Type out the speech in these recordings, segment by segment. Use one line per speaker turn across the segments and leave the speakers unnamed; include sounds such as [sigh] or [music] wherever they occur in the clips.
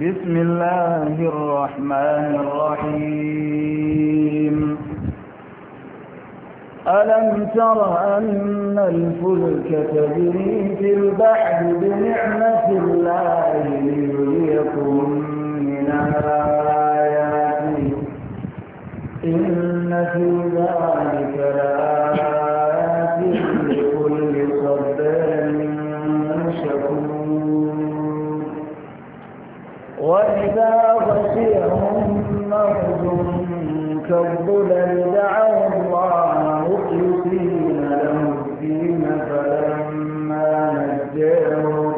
بسم الله الرحمن الرحيم ألم تر أن الفلك تجري في البحر بنعمة الله ليريكم من آياته إن في ذلك لآية وإذا غشيهم موج كالظلل دعوا الله مخلصين له الدين فلما نجاهم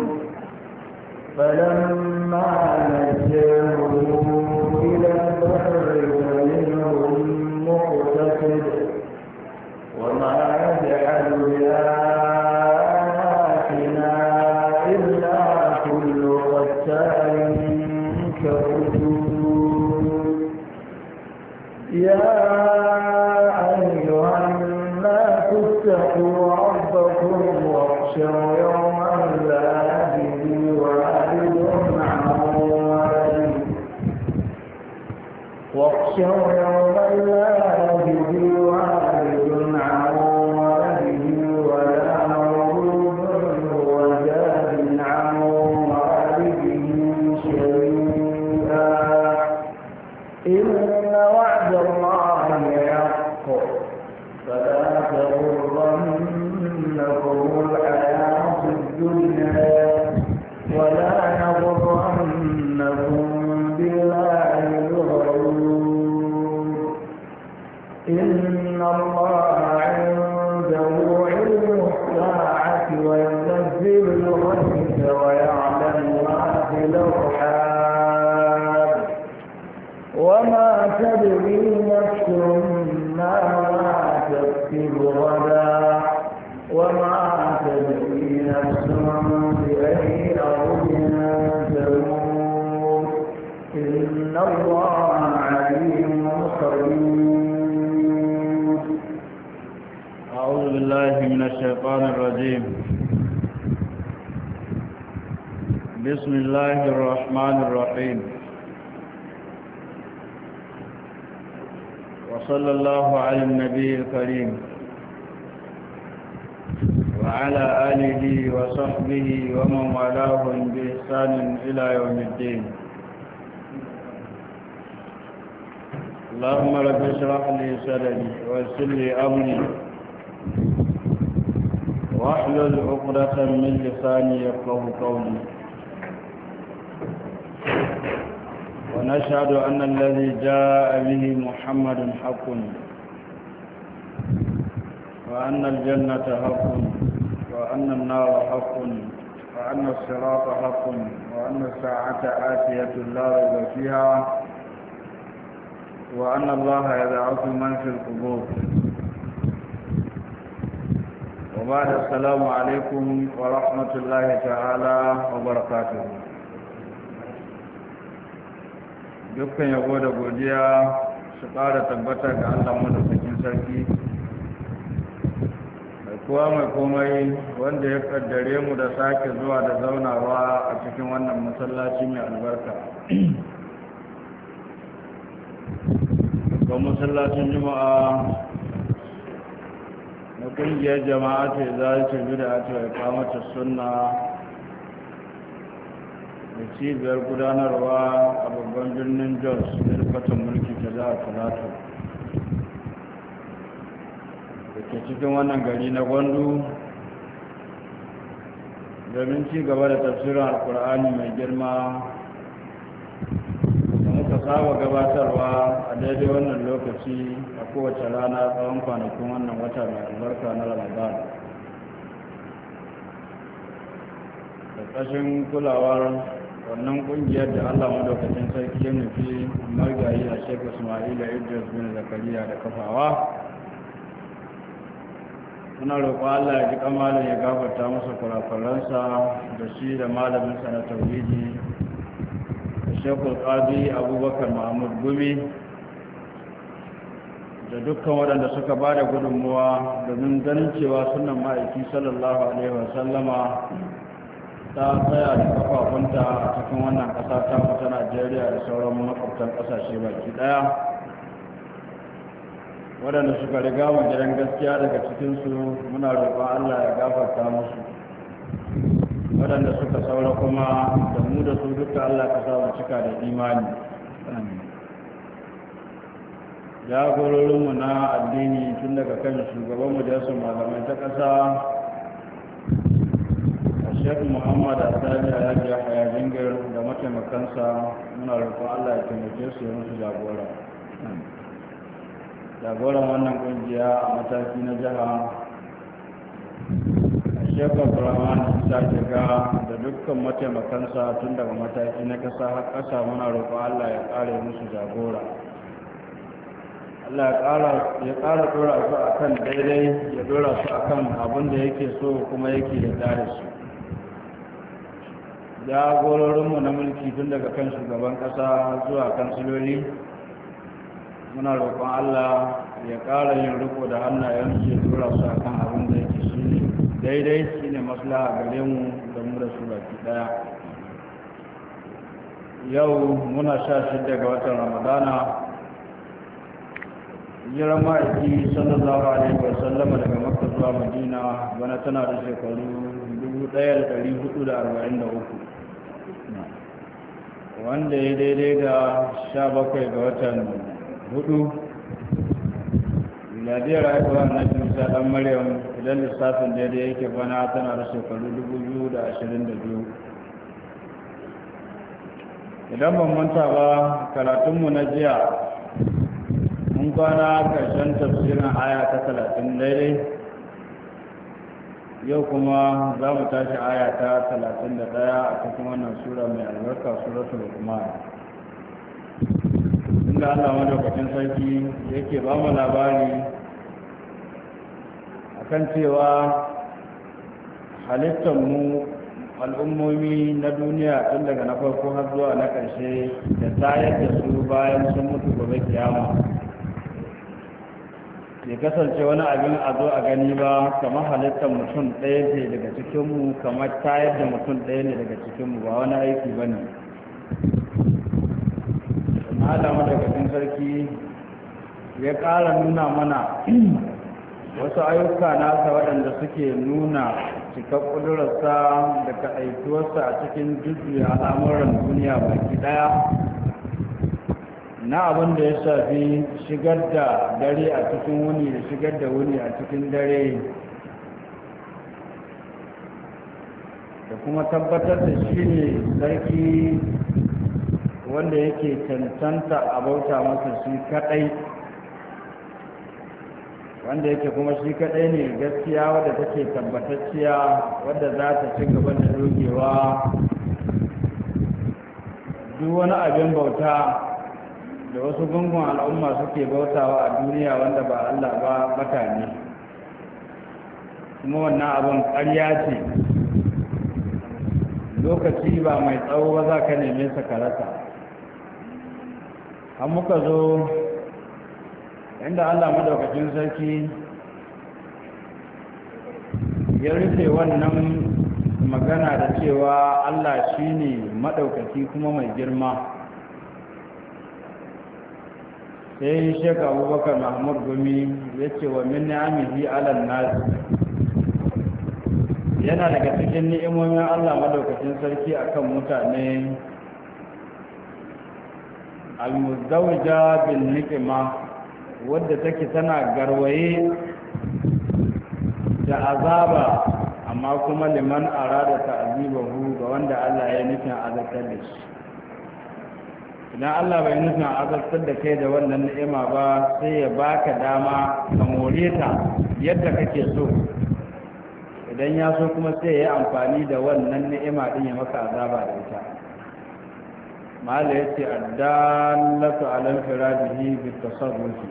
فلما نجاهم إلى البحر فمنهم مقتصد وما يا واخشوا يوما لا يجزي والد إن الشيطان الرجيم بسم الله الرحمن الرحيم وصلى الله على النبي الكريم وعلى آله وصحبه ومن والاهم بإحسان إلى يوم الدين اللهم رب اشرح لي صدري ويسر لي أمري واحلل عقدة من لساني يفقه قولي ونشهد أن الذي جاء به محمد حق وأن الجنة حق وأن النار حق وأن الصراط حق وأن الساعة آتية لا ريب فيها وأن الله يبعث من في القبور وبعد السلام عليكم ورحمة الله تعالى وبركاته dukkan yabo da godiya su ƙara tabbata ga Allah mu da sakin sarki mai kowa mai komai wanda ya kaddare mu da sake zuwa da zaunawa a cikin wannan masallaci mai albarka ga masallacin juma'a ƙungiyar jama'a ce ta zalitin a ta ikamata suna da cibiyar gudanarwa a babban birnin jos da mulki ta za a talatu da ke cikin wannan gari na gwandu domin ci gaba da tafsirin alkur'ani mai girma saba gabatarwa a daidai wannan lokaci a kowace rana tsawon kwanakin wannan wata mai albarka na ramadan da kulawar wannan ƙungiyar da allah madaukakin sarki ya nufi margayi a shekaru ismaila idris bin zakariya da kafawa muna roƙo allah ya ji kamalin ya gafarta masa kurakuransa da shi da malamin sa na tauhidi shekul ƙadi abubakar mahmud gumi da dukkan waɗanda suka ba da gudunmuwa domin ganin cewa sunan ma'aiki sallallahu alaihi wasallama ta tsaya da kafafunta a cikin wannan ƙasa ta ta najeriya da sauran makwabtan ƙasashe baki ɗaya waɗanda suka riga mu gidan gaskiya daga cikinsu muna roƙon allah ya gafarta musu waɗanda suka saura kuma da mu da su duka Allah ka samu cika da imani jagororinmu na addini tun daga kan shugabanmu da yasu malamai ta ƙasa a shek muhammad a tsari a hajji a hayajingir da mataimakansa muna rufa Allah ya taimake su yi musu jagora jagoran wannan ƙungiya a mataki na jiha shekar rahman ta shiga da dukkan mataimakansa tun daga mataki na kasa har kasa muna roƙo allah ya ƙare musu jagora allah ya ƙara ɗora su a kan daidai ya ɗora su a kan abin da yake so kuma yake yarda da su jagororinmu na mulki tun daga kan shugaban ƙasa zuwa kansiloli muna roƙon allah ya ƙara yin riko da hannayensu ya ɗora su a kan abin da daidai shi ne a gare mu da mura da su daya yau muna sha shi ga watan ramadana jiran ma'aiki sallallahu alaihi wa sallama daga makka zuwa madina bana tana da shekaru 1443 wanda ya daidai ga 17 ga watan hudu gadiyar haifuwa na musa dan maryam idan lissafin daidai yake bana tana da shekaru 2022 idan ban manta ba karatunmu na jiya mun kwana karshen tafsirin aya ta 30 daidai yau kuma za mu tashi aya ta 31 a cikin wannan sura mai albarka suratul luqman da allah lokacin sarki yake ba mu labari a kan cewa halittarmu al'ummomi na duniya tun daga na farko har zuwa na ƙarshe da tayar da su bayan sun mutu gobe kiyama ya kasance wani abin a zo a gani ba kamar halittar mutum ɗaya ne daga cikinmu kamar tayar da mutum ɗaya ne daga cikinmu ba wani aiki ba ne Allah madaukakin sarki ya ƙara nuna mana wasu ayyuka nasa waɗanda suke nuna cika ƙudurarsa da kaɗaituwarsa a cikin jujjuya al'amuran duniya baki ɗaya na abin da ya shafi shigar da dare a cikin wuni da shigar da wuni a cikin dare da kuma tabbatar da shi ne sarki wanda yake cancanta a bauta masa shi kadai wanda yake kuma shi kadai ne gaskiya wadda take tabbatacciya wadda za ta ci gaba da dogewa duk wani abin bauta da wasu gungun al'umma suke bautawa a duniya wanda ba Allah ba mutane kuma wannan abin ƙarya ce lokaci ba mai tsawo ba za ka neme sa ka A muka zo inda allah madaukakin sarki ya rufe wannan magana da cewa allah shine madaukaki kuma mai girma sai shekaru abubakar mahmud gumi ya ce wa min ni'amihi alal nas yana daga cikin ni'imomin allah madaukakin sarki akan mutane al bin bil wadda take tana garwaye da azaba amma kuma liman arada ta'zibahu ga wanda Allah ya nufin azabtar da shi idan Allah bai nufin azabtar da kai da wannan ni'ima ba sai ya baka dama ka more ta yadda kake so idan ya so kuma sai ya yi amfani da wannan ni'ima din ya maka azaba da ita mala yace addallatu ala infiradihi bi tasarrufi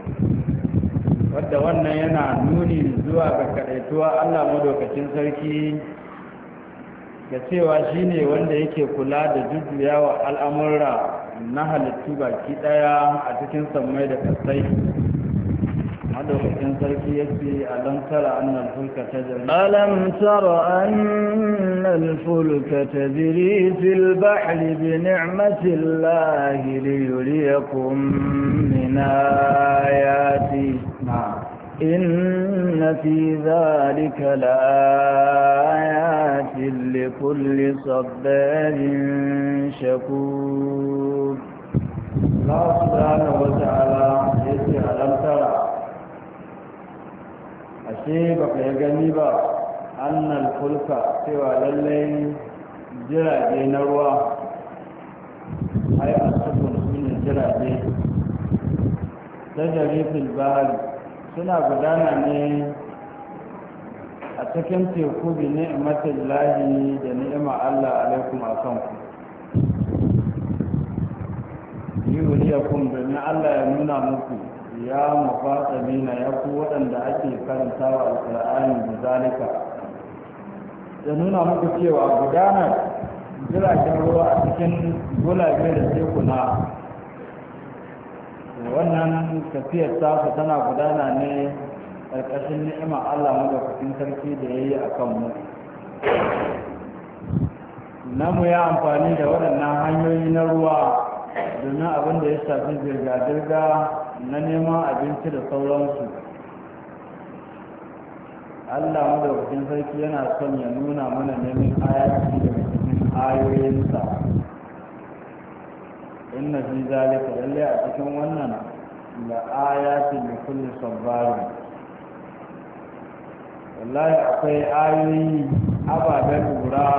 wadda wannan yana nuni zuwa ga kadaituwa Allah madaukakin sarki ga cewa shine wanda yake kula da jujjuyawa al'amura na halittu baki ɗaya a cikin samai da kasai ألم تر أن الفلك تجري في البحر بنعمة الله ليريكم من آياتي نعم. إن في ذلك لآيات لكل صبار شكور الله سبحانه وتعالى يسي ألم تر sai ba ka gani ba annan kulka cewa lallai jirage na ruwa ai a cikin sunan jirage ta jarifin bahari suna gudana ne a cikin teku bi ni'matin lahi da ni'ima Allah alaikum a kan ku yi wuliya kun domin Allah ya nuna muku ya mafata mina ya ku waɗanda ake karantawa alƙur'ani da zalika ya nuna muku cewa gudanar jiragen ruwa a cikin gulabe da na. wannan tafiyar tasu tana gudana ne ƙarƙashin ni'ima Allah madaukakin sarki da ya yi a kan mu na mu ya amfani da waɗannan hanyoyi na ruwa domin abin da ya shafi zirga-zirga na neman abinci da sauransu allah wajen sarki yana son ya nuna mana neman ayati da cikin ayoyinsa inna fi zalika lalle a cikin wannan la ayati li kulli sabarin wallahi akwai ayoyi ababen lura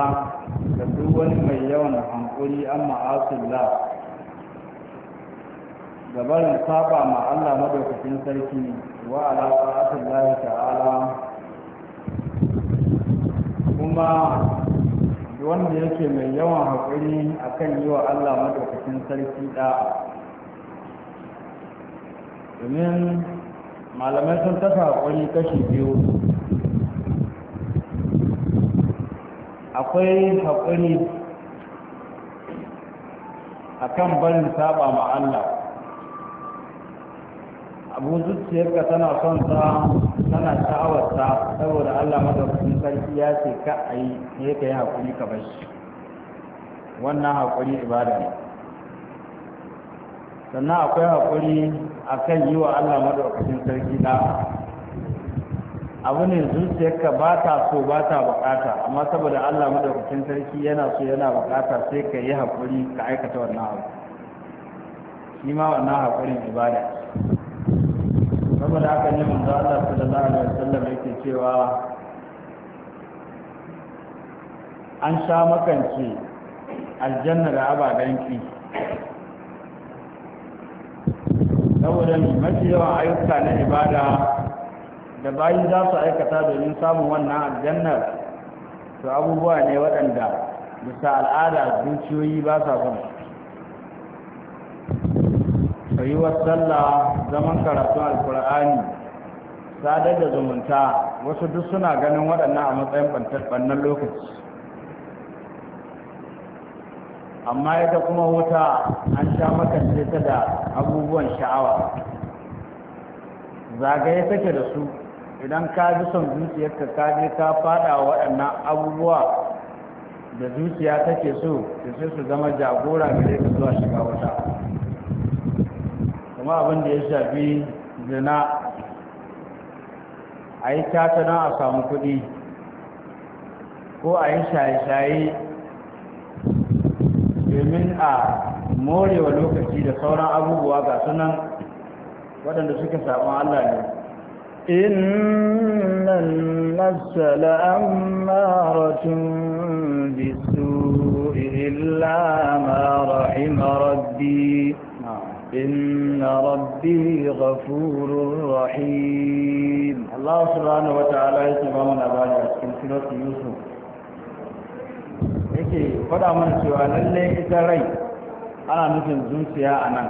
da duk wani mai yawan hankuri amma asullah da barin saba ma Allah madaukakin sarki wa ala Allah ta'ala kuma wanda yake mai yawan haƙuri akan yi wa Allah madaukakin sarki da'a domin malamai sun tafi haƙuri kashi biyu akwai haƙuri akan barin saba ma Allah abu zuciyarka tana son ta tana sha'awarta saboda Allah madaukakin sarki ya ce ka a yi ne ka yi haƙuri ka bar shi wannan haƙuri ibada ne sannan akwai haƙuri akan yi wa Allah madaukakin sarki da abu ne zuciyarka ba ta so ba ta bukata amma saboda Allah madaukakin sarki yana so yana bukata sai ka yi haƙuri ka aikata wannan abu shi ma wannan haƙurin ibada da aka nemi da Allah sallallahu alaihi wasallam yake cewa an sha makance aljanna da ababen saboda mafi yawan ayyuka na ibada da bayi za su aikata domin samun wannan aljannar to abubuwa ne waɗanda bisa al'ada zuciyoyi ba sa son wa sallah zaman karatun alkur'ani sadar da zumunta wasu duk suna ganin waɗannan a matsayin ɓannan lokaci amma ita kuma wuta an sha makance ta da abubuwan sha'awa zagaye take da su idan ka ji son zuciyarka ka je ka faɗa waɗannan abubuwa da zuciya take so da sai su zama jagora gare ka zuwa shiga wuta kuma abin da ya shafi zina a yi don a samu kuɗi ko a yi shaye-shaye domin a morewa lokaci da sauran abubuwa ga sunan waɗanda suka samu Allah ne innan nafsa la'ammaratun bisu illa ma rahima rabbi إن ربي غفور رحيم الله سبحانه وتعالى يتبع من أبالي أسكن سورة يوسف yake faɗa mana cewa اللي إتاري أنا نسم nufin أنا a nan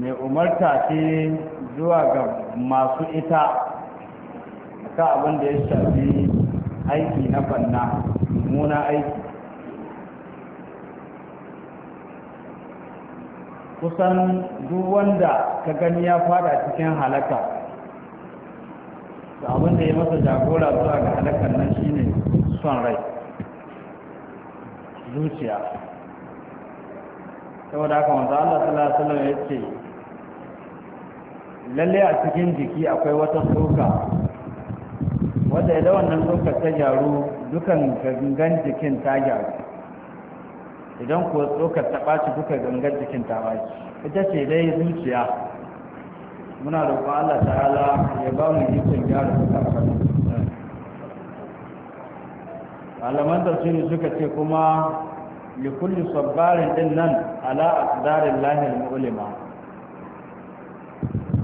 mai umarta ce zuwa ga masu ita ta abin da ya shafi aiki na banna muna aiki kusan duk wanda ka gani ya fada cikin halaka da abin da ya masa jagora zuwa ga halakan nan shine son rai zuciya saboda haka wanzu Allah sallallahu alaihi wasallam ya ce lalle a cikin jiki akwai wata tsoka wadda idan wannan tsoka ta gyaru dukan gangan jikin ta gyaru idan kuwa tsokar ta ɓaci kuka gangar jikin ta ita ce dai zuciya muna roƙon Allah ta'ala ya ba mu ikon gyara suka faɗi malaman tafsiri suka ce kuma kulle sabbarin din nan ala asdarin lahir mu'ulima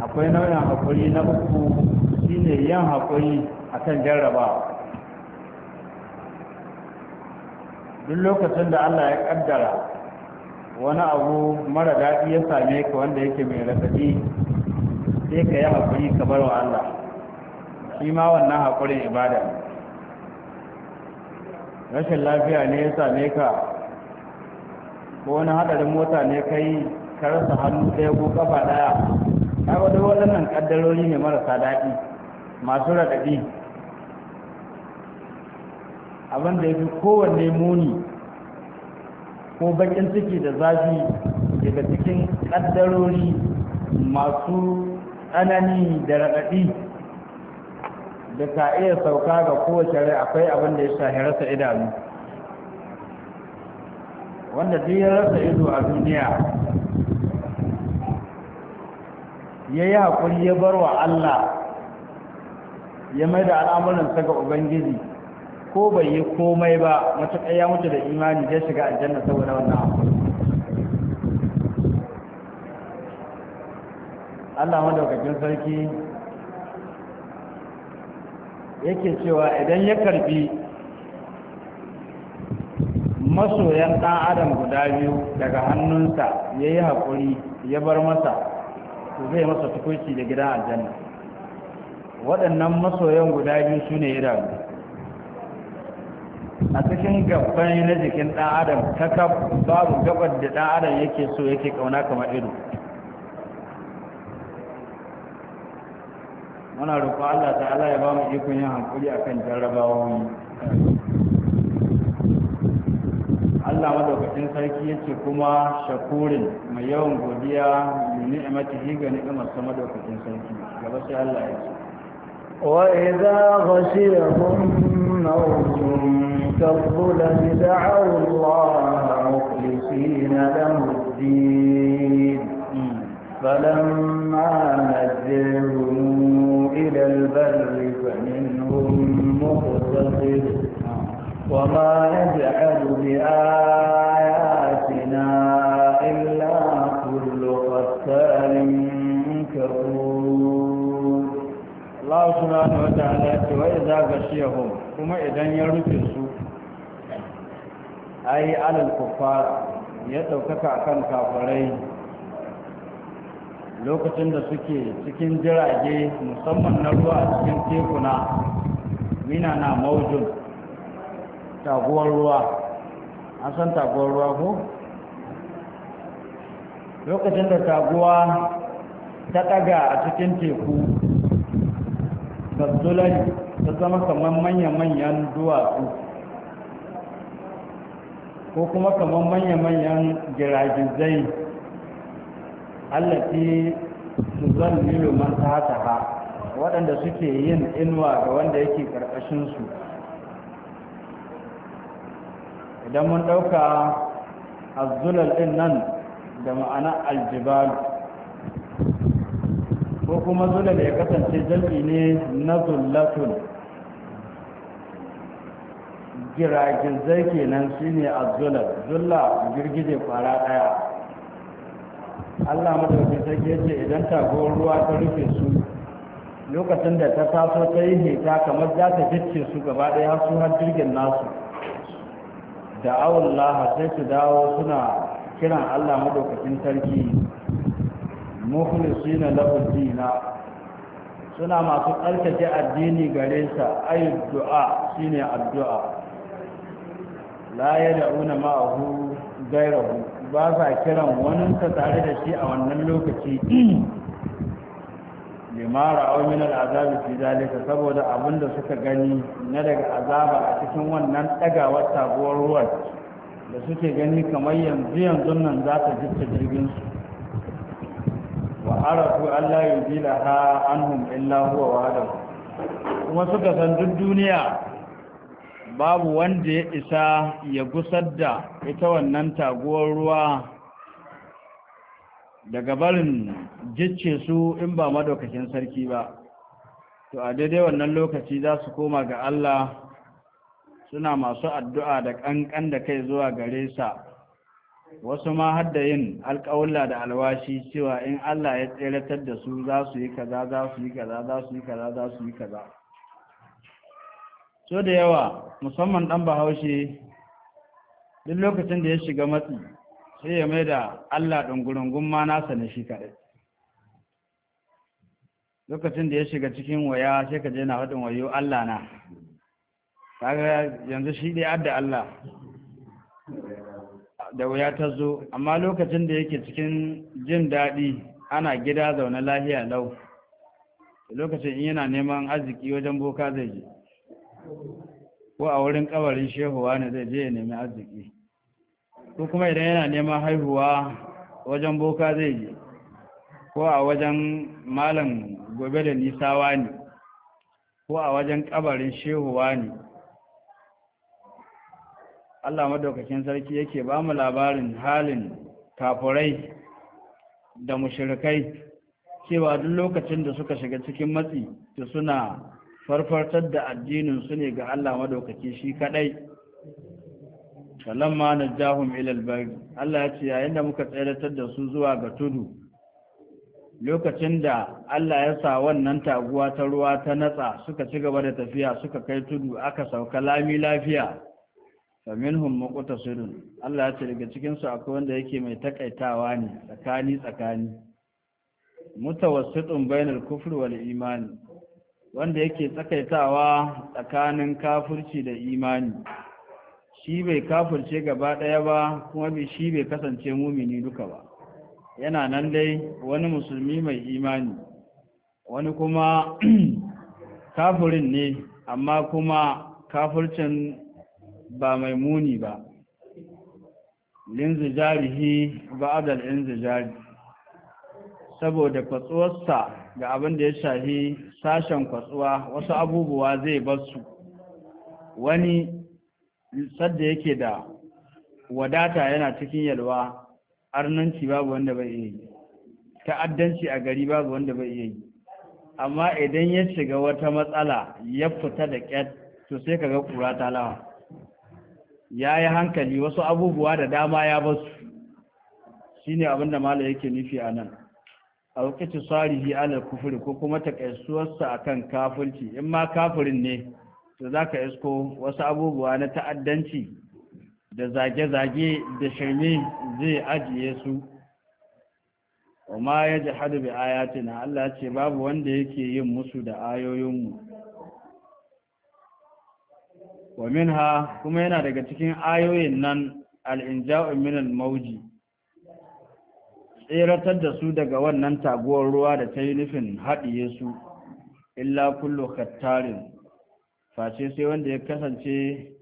akwai nau'in haƙuri na uku shine yin haƙuri akan jarrabawa duk lokacin da Allah ya kaddara wani abu mara daɗi ya same ka wanda yake mai rasadi sai ka yi haƙuri ka bar wa Allah shi ma wannan haƙurin ibada rashin lafiya ne ya same ka ko wani haɗarin mota ne ka yi ka hannu ɗaya ko ƙafa ɗaya ka wadda waɗannan ƙaddarori ne marasa daɗi masu raɗaɗi abin da ya fi kowanne muni ko bakin ciki da zafi daga cikin ƙaddarori masu tsanani da raɗaɗi da ka iya sauka ga kowace rai akwai abin da ya shahi rasa idanu wanda duk ya rasa ido a duniya ya yi haƙuri ya bar wa Allah ya mai da al'amuransa ga Ubangiji ko bai yi komai ba matuƙa ya mutu da imani zai shiga aljanna saboda wannan abu Allah madaukakin sarki yake cewa idan ya karbi masoyan ɗan adam guda biyu daga hannunsa ya yi haƙuri ya bar masa to zai masa tukunci da gidan aljanna waɗannan masoyan guda biyu su ne idanu a cikin gabban na jikin ɗan adam ta kaf babu gabar da ɗan adam yake so yake kauna kamar ido muna roƙo Allah ta'ala ya ba mu ikon yin hankuri akan jarrabawoyi Allah madaukakin sarki yace kuma shakurin mai yawan godiya mai ni'matihi ga ni'imar sa madaukakin sarki gaba sai Allah ya ce wa idza ghashiyahum موت كالظلم دعوا الله مخلصين له الدين فلما نجهم إلى البر فمنهم مقتصد وما يجعل بآياتنا إلا كل قتال كفور الله سبحانه وتعالى وإذا غشيهم kuma idan ya rufe su ai alal kuffar ya ɗaukaka kan kafirai lokacin da suke cikin jirage musamman na ruwa a cikin tekuna mina na maujin taguwar ruwa an san taguwar ruwa ko lokacin da taguwa ta ɗaga a cikin teku kasulari ta zama kamar manya-manyan duwatsu ko kuma kamar manya-manyan girajizai allafi su zan milo man ta waɗanda suke yin inuwa ga wanda yake ƙarƙashinsu idan mun ɗauka azulal ɗin nan da ma'ana aljibalu ko kuma zulal ya kasance jam'i ne na zullatun zai kenan shi ne a Zulal zulla girgije kwara daya Allah madaukakin sarki yace idan tagowar ruwa ta rufe su lokacin da ta taso ta yi heta kamar za ta jicce su gaba daya su har jirgin nasu da awon laha sai su dawo suna kiran Allah madaukakin sarki mukhlisina lahu suna masu tsarkake addini gare sa ayi du'a shine addu'a la yad'una ma'ahu gairahu ba sa kiran wani ta tare da shi a wannan lokaci limara au min al'azabi fi zalika saboda abinda suka gani na daga azaba a cikin wannan dagawar sabuwar ruwan da suke gani kamar yanzu yanzu nan za ta jirgin su wa arafu Allah yudila ha anhum illa wa kuma suka san duk duniya babu wanda ya isa ya gusar da ita wannan taguwar ruwa daga barin jicce su in ba madaukakin sarki ba to a daidai wannan lokaci za su koma ga Allah suna masu addu'a da ƙanƙan da kai zuwa gare sa wasu ma har da yin alƙawalla da alwashi cewa in Allah ya tseratar da su za su yi kaza za su yi kaza za su yi kaza za su yi kaza so da yawa musamman ɗan bahaushe duk lokacin da ya shiga matsi sai ya mai da Allah ɗungurungun ma nasa na shi kaɗai lokacin da ya shiga cikin waya sai ka je na faɗin wayo Allah na kaga yanzu shi dai adda Allah da wuya ta zo amma lokacin da yake cikin jin daɗi ana gida zaune lahiya lau lokacin in yana neman arziki wajen boka zai je ko a wurin kabarin shehuwa ne zai je ya nemi arziki ko kuma idan yana neman haihuwa wajen boka zai je ko a wajen malam gobe da nisawa ne ko a wajen kabarin shehuwa ne Allah madaukakin sarki yake ba mu labarin halin kafurai da mushrikai cewa duk lokacin da suka shiga cikin matsi to suna farfartar da addinin su ne ga Allah madaukaki shi kadai kalamma jahum ila albagh Allah ya ce yayin da muka tsayar da su zuwa ga tudu lokacin da Allah ya sa wannan taguwa ta ruwa ta natsa suka ci gaba da tafiya suka kai tudu aka sauka lami lafiya wa minhum Allah ya ce daga cikin su akwai wanda yake mai takaitawa ne tsakani tsakani mutawassitun bainal kufri wal imani wanda yake tsakaitawa tsakanin kafirci da imani shi bai kafurce gaba ɗaya ba kuma shi bai kasance mumini duka ba yana nan dai wani musulmi mai imani wani kuma [clears throat] kafirin ne amma kuma kafircin ba mai muni ba ba adal linzu inzijari saboda kwatsuwarsa ga abin da ya shahi sashen kwatsuwa wasu abubuwa zai basu wani sadda yake da wadata yana cikin yalwa arnanci babu wanda bai iya yi ta'addanci a gari babu wanda bai iya yi amma idan ya shiga wata matsala ya fita da ƙyat to sai kaga ta lawa. ya yi hankali wasu abubuwa da dama ya basu shi ne abinda mala yake nufi a nan a wakacin tsarihi alal kufuri ko kuma ta ƙaisuwarsa a kan kafirci in ma kafurin ne to za ka isko wasu abubuwa na ta'addanci da zage-zage da shirme zai ajiye su wa ma ya ji hadu bi ayatina Allah ce babu wanda yake yin musu da ayoyinmu wa minha kuma yana daga cikin ayoyin nan al'inja'u minal mauji tseratar da su daga wannan taguwar ruwa da ta yi nufin haɗiye su illa kullu kattarin face sai wanda ya kasance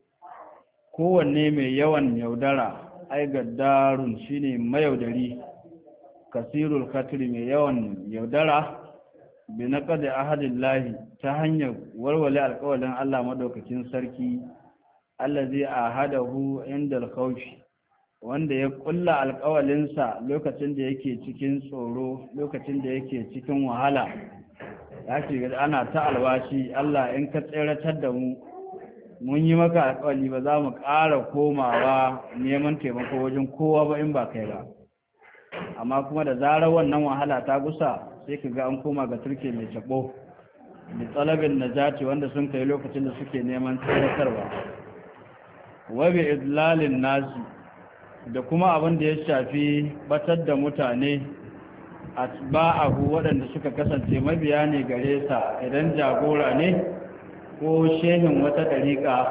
kowanne mai yawan yaudara ai gaddarun shine mayaudari kasirul katri mai yawan yaudara bi naqdi ahadillahi ta hanyar warware alkawalin Allah madaukakin sarki allazi ahadahu inda alkhawfi wanda ya kulla alkawalinsa lokacin da yake cikin tsoro lokacin da yake cikin wahala ya ana ta alwashi Allah in ka tseratar da mu mun yi maka alkawali ba za mu ƙara komawa neman taimako wajen kowa ba in ba kai ba amma kuma da zarar wannan wahala ta gusa sai ka ga an koma ga turke mai taɓo bi na najati wanda sun kai lokacin da suke neman tsaratarwa wabi idlalin Nazi da kuma abin da ya shafi batar da mutane hu waɗanda suka kasance mabiya ne gare sa idan jagora ne ko shehin wata ɗariƙa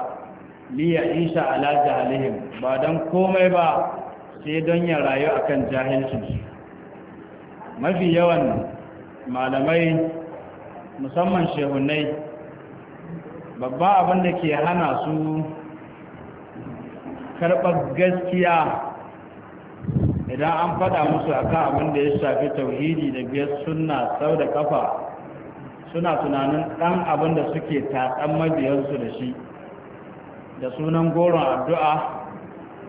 liya isha ala jahalihim ba don komai ba sai don ya rayu a kan jahilcin mafi yawan malamai musamman shehunai babban abin da ke hana su karɓar gaskiya idan an faɗa musu akan abin da ya shafi tauhidi da biyar suna sau da kafa suna tunanin ɗan abin da suke taɗan mabiyarsu da shi da sunan goron addu'a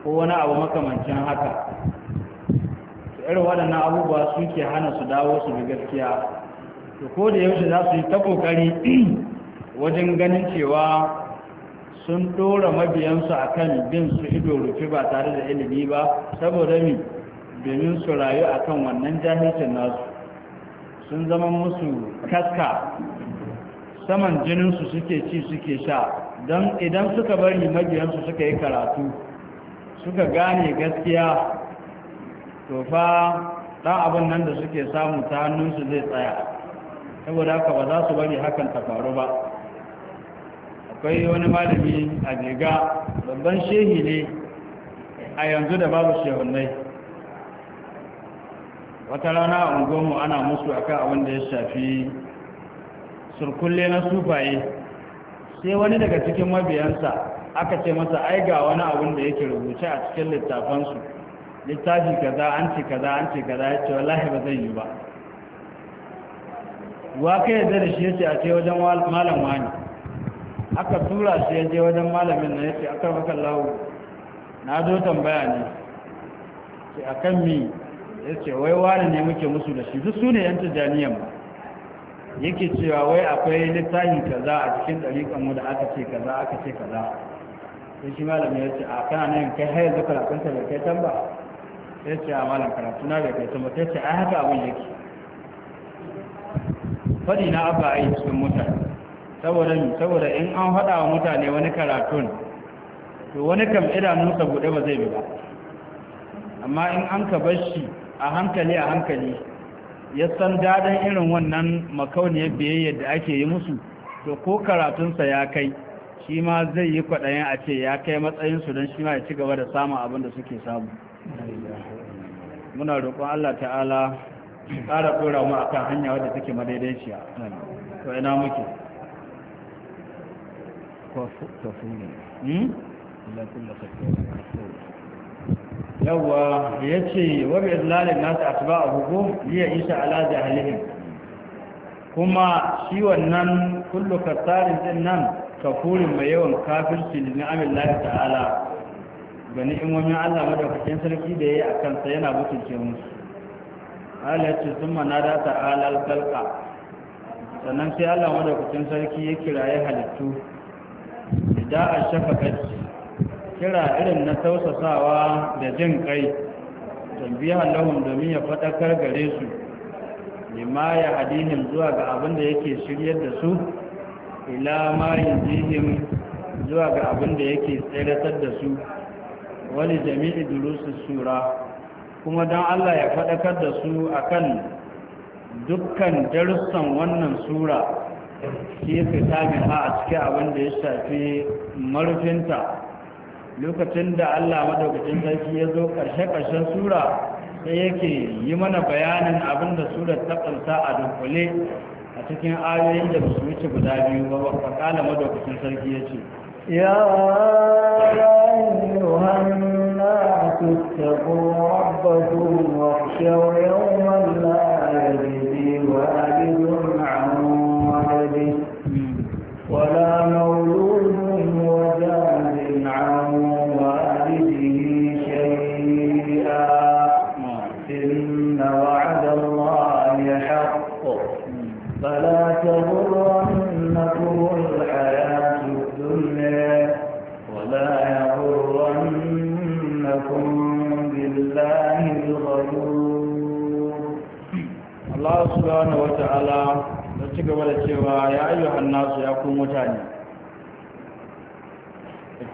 ko wani abu makamancin haka irin waɗannan abubuwa suke hana su dawo su bi gaskiya to ko da yaushe za su yi ta kokari [clears throat] wajen ganin cewa sun dora mabiyansu akan bin su ido rufe ba tare da ilimi ba saboda mi domin su rayu akan wannan jahilcin nasu sun zama musu kaska saman jininsu suke ci suke sha don idan suka bari mabiyansu suka yi karatu suka gane gaskiya to fa ɗan abin nan da suke samu ta hannunsu zai tsaya saboda haka ba za su bari hakan ta faru ba akwai wani malami a jega babban shehi ne a yanzu da babu shehunai wata rana a unguwanmu ana musu a kan abin da ya shafi surkulle na sufaye sai wani daga cikin mabiyansa aka ce masa ai ga wani abin da yake rubuce a cikin littafansu littafi kaza an ce kaza an ce kaza ya ce wallahi ba zai yi ba wa ka yadda da shi yace a ce wajen malam wani aka tura shi ya je wajen malamin na yace aka maka lawo na zo tambaya ne ce akan mi yace wai wani ne muke musu da shi duk su ne yan tijaniyan ba yake cewa wai akwai littafin kaza a cikin ɗariƙan mu da aka ce kaza aka ce kaza sai shi malam ya ce a kana nan kai har yanzu karatun ta bai kai tamba? sai ce a malam karatu na da kai tamba sai ce ai haka abin yake faɗi na abba a yi cikin mutane saboda in an haɗa wa mutane wani karatun to wani kam idanunsa buɗe ba zai bi ba amma in an ka bar shi a hankali a hankali ya san daɗin irin wannan makauniyar biyayyar da ake yi musu to ko karatunsa ya kai shi ma zai yi kwaɗayin a ce ya kai matsayinsu don shi ma ya ci gaba da samun abin da suke samu muna roƙon allah ta'ala ƙara ɗora mu akan hanya wadda take madaidaiciya to ina muke hmm? yawwa ya ce wabi izlalin nasu asuba a hukum liya isa ala jahalihim kuma shi wannan kullu tsarin din nan kafurin mai yawan kafirci da ni'amin lahi ta'ala ga ni'imomin Allah madaukakin sarki da ya yi a kansa yana mutunce musu Allah ce na manada ta alal kalka sannan sai Allah kucin sarki ya kiraye halittu da a shafakaci kira irin na tausasawa da jin kai tambiya lahum domin ya fadakar gare su lima ya hadihim zuwa ga abin da yake shiryar da su ila ma yanzihim zuwa ga abin da yake tseratar da su wani jami'i durusu sura kuma don Allah ya faɗakar da su akan dukkan darussan wannan sura shi fita min ha a cikin abin da ya shafi marufinta lokacin da Allah madaukakin sarki ya zo ƙarshe-ƙarshen sura sai yake yi mana bayanin abin da surar ta ƙunsa a dunkule a cikin ayoyin da basu su wuce guda biyu ba ba ƙala madaukakin sarki ya ce يا أيها الناس اتقوا ربكم واخشوا يوما لا يجزي والد عن ولده ولا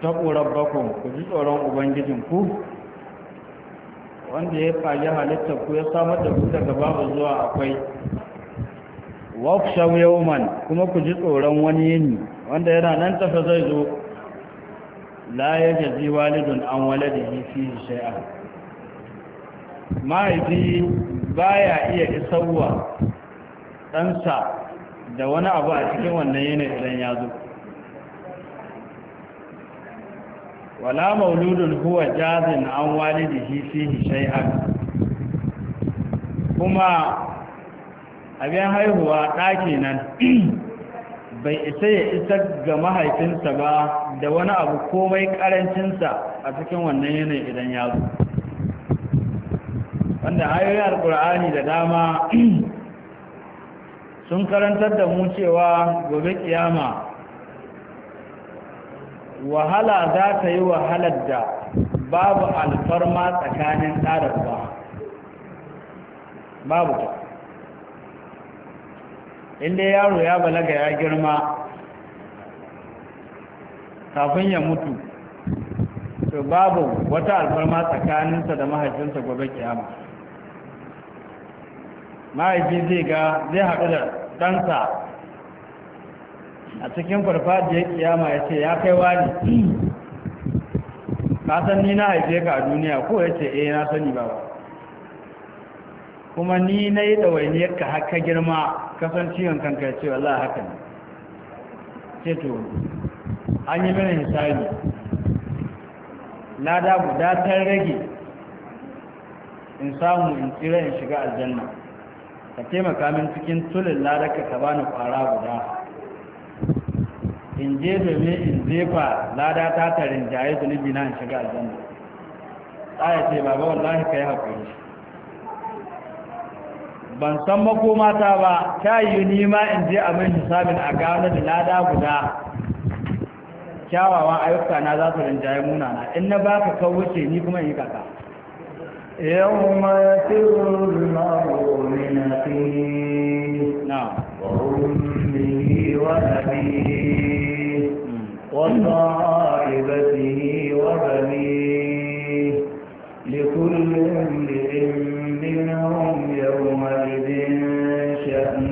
taɓo rabakon ku ji tsoron ubangijinku wanda ya faye halittar ku ya samar da ku daga babu zuwa akwai wakshau yawman kuma ku ji tsoron wani yini wanda yana nan tafa zai zo la ya jazi walidun an yi fi shay'a ba ya iya isarwa ɗansa da wani abu a cikin wannan yanayi idan ya zo wala mauludun huwa jazin an walidihi fihi shay'an kuma abin haihuwa ɗaki nan [clears throat] bai isa ya isa ga mahaifinsa ba da wani abu komai ƙarancinsa a cikin wannan yanayi idan ya zo wanda hayoyin alkur'ani da dama [clears throat] sun karantar da mu cewa gobe kiyama wahala za ta yi wahalar da babu alfarma tsakanin ɗarar ba babu ta inda yaro ya balaga ya girma kafin ya mutu to babu wata alfarma tsakaninsa da mahaifinsa gobe kiyama mahaifi zai ga zai haɗu da ɗansa a cikin farfajiyar kiyama ya ce ya kai wani ka san ni na haife ka a duniya ko ya ce eh na sani ba kuma ni na yi ɗawainiyar ka haka girma kasan ciwon kanka ya ce wallah haka ne ce to an yi mini hisabi lada guda ta rage in samu in tsira in shiga aljanna ka taimaka min cikin tulin ladaka ka bani kwara guda in je domin in jefa lada ta tarin jaye zunubi na in shiga aljanna tsaya ce baba wallahi ka yi haƙuri ban san makomata ba ta yi nima in je a min hisabin a gano da lada guda kyawawan ayyuka na za su rinjaye munana in na baka ka ce ni kuma in yi kaka يوم يفر المرء من أخيه وأمه وأبيه وصاحبته وبنيه لكل امرئ منهم يومئذ شأن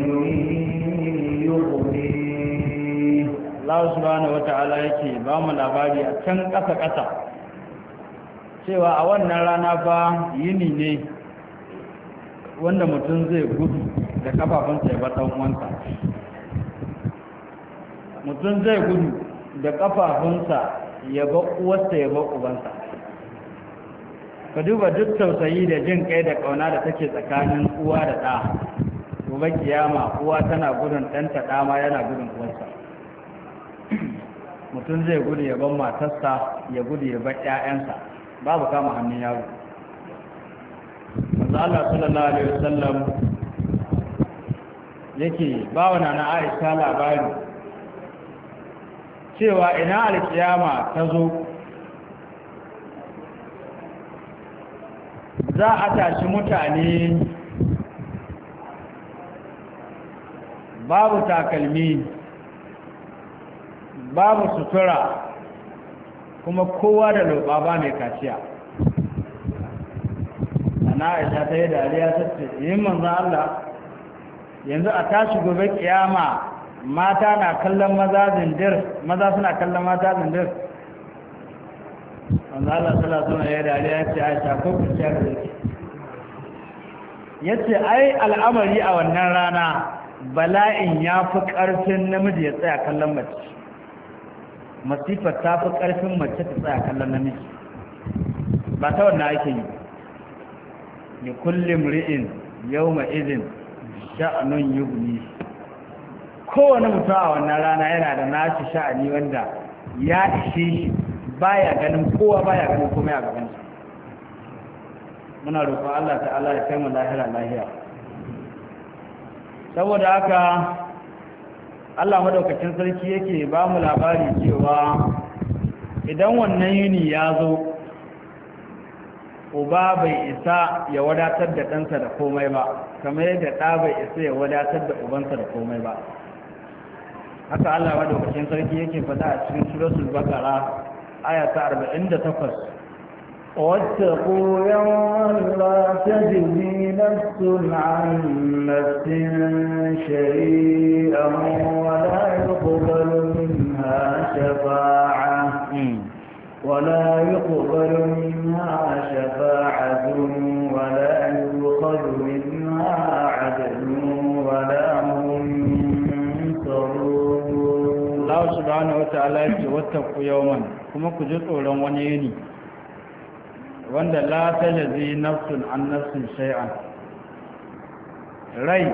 يغنيه الله سبحانه وتعالى yake ba mu labari a can ƙasa ƙasa cewa a wannan rana ba yini ne wanda mutum zai gudu da kafafunsa ya ba ɗan wanta mutum zai gudu da kafafunsa ya ba uwarsa ya ba ubansa ka duba duk tausayi da jin kai da kauna da take tsakanin uwa da ɗa gobe kiyama uwa tana gudun ɗanta ɗa ma yana gudun uwarsa [clears throat] mutum zai gudu ya ban matarsa ya gudu ya ban ƴaƴansa babu kama hannun yaro manzo Allah sallallahu alaihi wasallam yake bawa na Aisha labari cewa ina alkiyama ta zo za a tashi mutane babu takalmi babu sutura kuma kowa da loba ba mai kaciya ana aisha ta yi dariya ta ce yin manzan Allah yanzu a tashi gobe kiyama mata na kallon maza zindir maza suna kallon mata zindir wanda Allah salatu na ya dariya ya ce aisha ko kuciya da ya ce ai al'amari a wannan rana bala'in ya fi ƙarfin namiji ya tsaya kallon mace masifar ta fi ƙarfin mace ta tsaya kallon namiji ba ta wannan aikin yi ni kullum ri'in yau ma'izin sha'anun yugni kowane mutum a wannan rana yana da nashi sha'ani wanda ya ishe shi baya ganin kowa baya ganin komai a gaban shi muna roƙon Allah ta'ala ya kaimu lahira lahiya saboda haka Allah madaukakin sarki yake ba mu labari cewa idan wannan yini ya zo uba bai isa ya wadatar da ɗansa da komai ba kamar yadda ɗa bai isa ya wadatar da ubansa da komai ba haka Allah wa daukacin sarki yake fada a cikin suratul baqara aya ta 48 واتقوا يوما لا تجزي نفس عن نفس شيئا ولا يقبل منها شفاعة ولا يقبل منها شفاعة ولا يؤخذ منها ta'ala ya ce ku yawman kuma ku ji tsoron wani yini wanda la tajzi nafsun an nafsun shai'an rai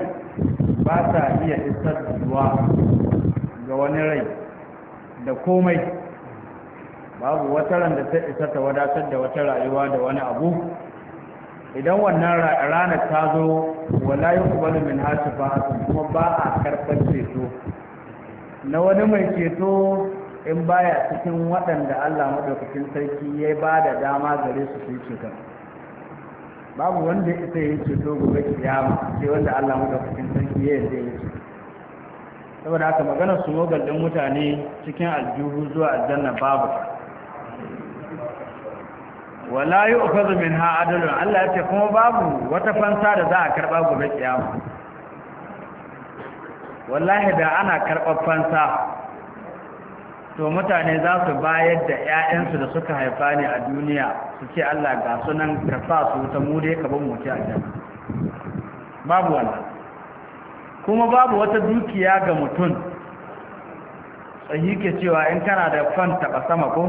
ba ta iya isar zuwa ga wani rai da komai babu wata ran da ta isa ta wadatar da wata rayuwa da wani abu idan wannan ranar ta zo wala kubalu min ba, kuma ba a karfar ceto na wani mai ceto in baya cikin waɗanda Allah maɗaukakin sarki ya ba da dama gare su su ceto babu wanda ya isa yi ceto gobe kiyama sai wanda Allah maɗaukakin sarki ya yarda ya ce saboda haka maganar su mogal ɗin mutane cikin aljuhu zuwa aljanna babu wala yi ufazu min ha adalun Allah ya ce kuma babu wata fansa da za a karɓa gobe kiyama wallahi da ana karɓar fansa to mutane za su bayar da 'ya'yansu da suka haifa ne a duniya su ce Allah ga sunan ka su ta mu ka ban mutu a jana babu wannan kuma babu wata dukiya ga mutum tsayi ke cewa in kana da fan taɓa sama ko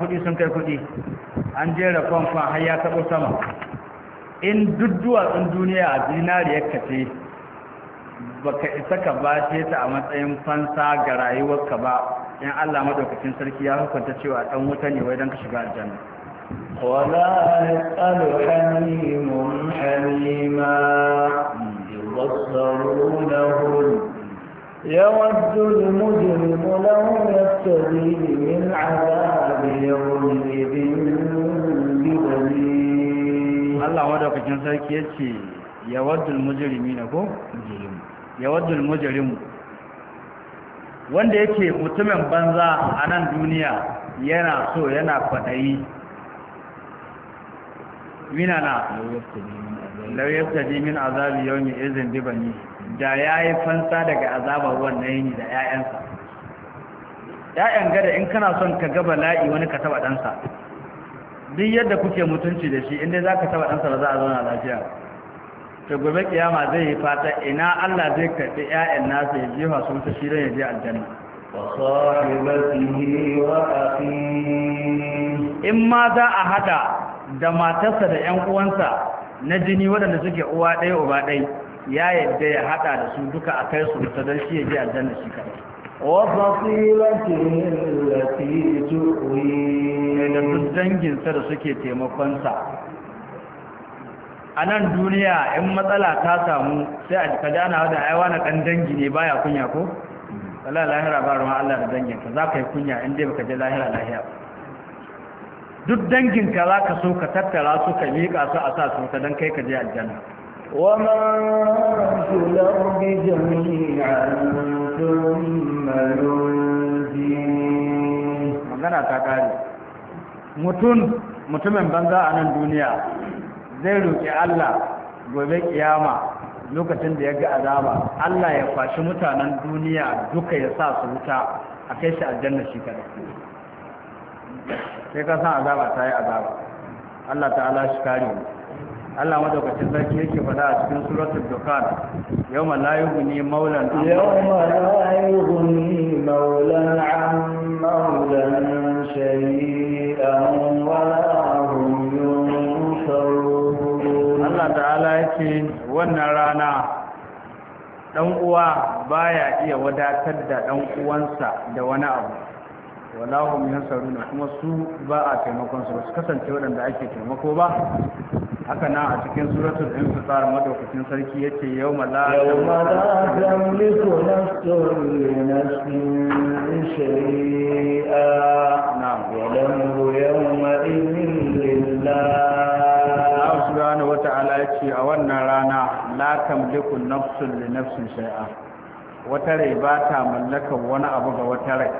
kuɗi sun kai kuɗi an jera fan fan har ya taɓo sama in duk duwatsun duniya a zinari ya kace baka isa ka bashe ta a matsayin fansa ga rayuwarka ba in Allah madaukakin sarki ya hukunta cewa dan wuta ne wai dan ka shiga aljanna wala yasalu hamimun hamima yubassarunahum يود المجرم لو يفتدي من عذاب يومئذ ببنيه الله ودك جنسك يتي يود المجرمين مجرم ya mujrimu wanda yake mutumin banza a nan duniya yana so yana kwadayi mina na lauyarta min azabi yau mai izin dibani da ya yi fansa daga azabar wannan yini da 'ya'yansa ‘ya'yan gada in kana son ka gaba la'i wani ka taba ɗansa duk yadda kuke mutunci da shi inda za ka taba ɗansa ba za a zauna lafiya to gobe kiyama zai yi fata ina Allah zai karbi ƴaƴan nasa ya jefa su ta shi ya je aljanna in ma za a hada da matarsa da ƴan uwansa na jini waɗanda suke uwa ɗaya uba ɗaya ya yadda ya hada da su duka a kai su ta don shi ya je aljanna shi wa وفصيلته التي تؤويه da duk danginsa da suke taimakonsa a nan duniya in matsala ta samu sai a ka dana da aiwa na ɗan dangi ne baya kunya ko Allah lahira ba ruwan Allah da dangin ka za ka yi kunya in dai baka je lahira lahira duk dangin ka za ka so ka tattara su ka miƙa su a sa su ka don kai ka je aljanna ومن في الأرض جميعا ثم ينجيه magana ta kare mutum mutumin banza a nan duniya zai roƙi Allah gobe kiyama lokacin da ya ga azaba Allah ya kwashi mutanen duniya duka ya sa su wuta a kai shi aljanna shi kada sai ka san azaba ta yi azaba Allah ta'ala shi kare mu Allah madaukakin sarki yake faɗa a cikin suratul dukhan yawma la yughni maulan yawma la yughni maulan an maulan shay'an ce wannan rana ɗan uwa baya iya wadatar da ɗan uwansa da wani abu wallahu min hasaruna kuma su ba a taimakon su ba su kasance waɗanda ake taimako ba haka na a cikin suratul tsara, madaukakin sarki yace yawma la yawma la tamliku nafsun nafsin shay'a na wa lam yawma idhin lillah subhanahu wa ta'ala ce a wannan rana la tamliku nafsun li nafsin shay'a wata rai ba ta mallaka wani abu ga wata rai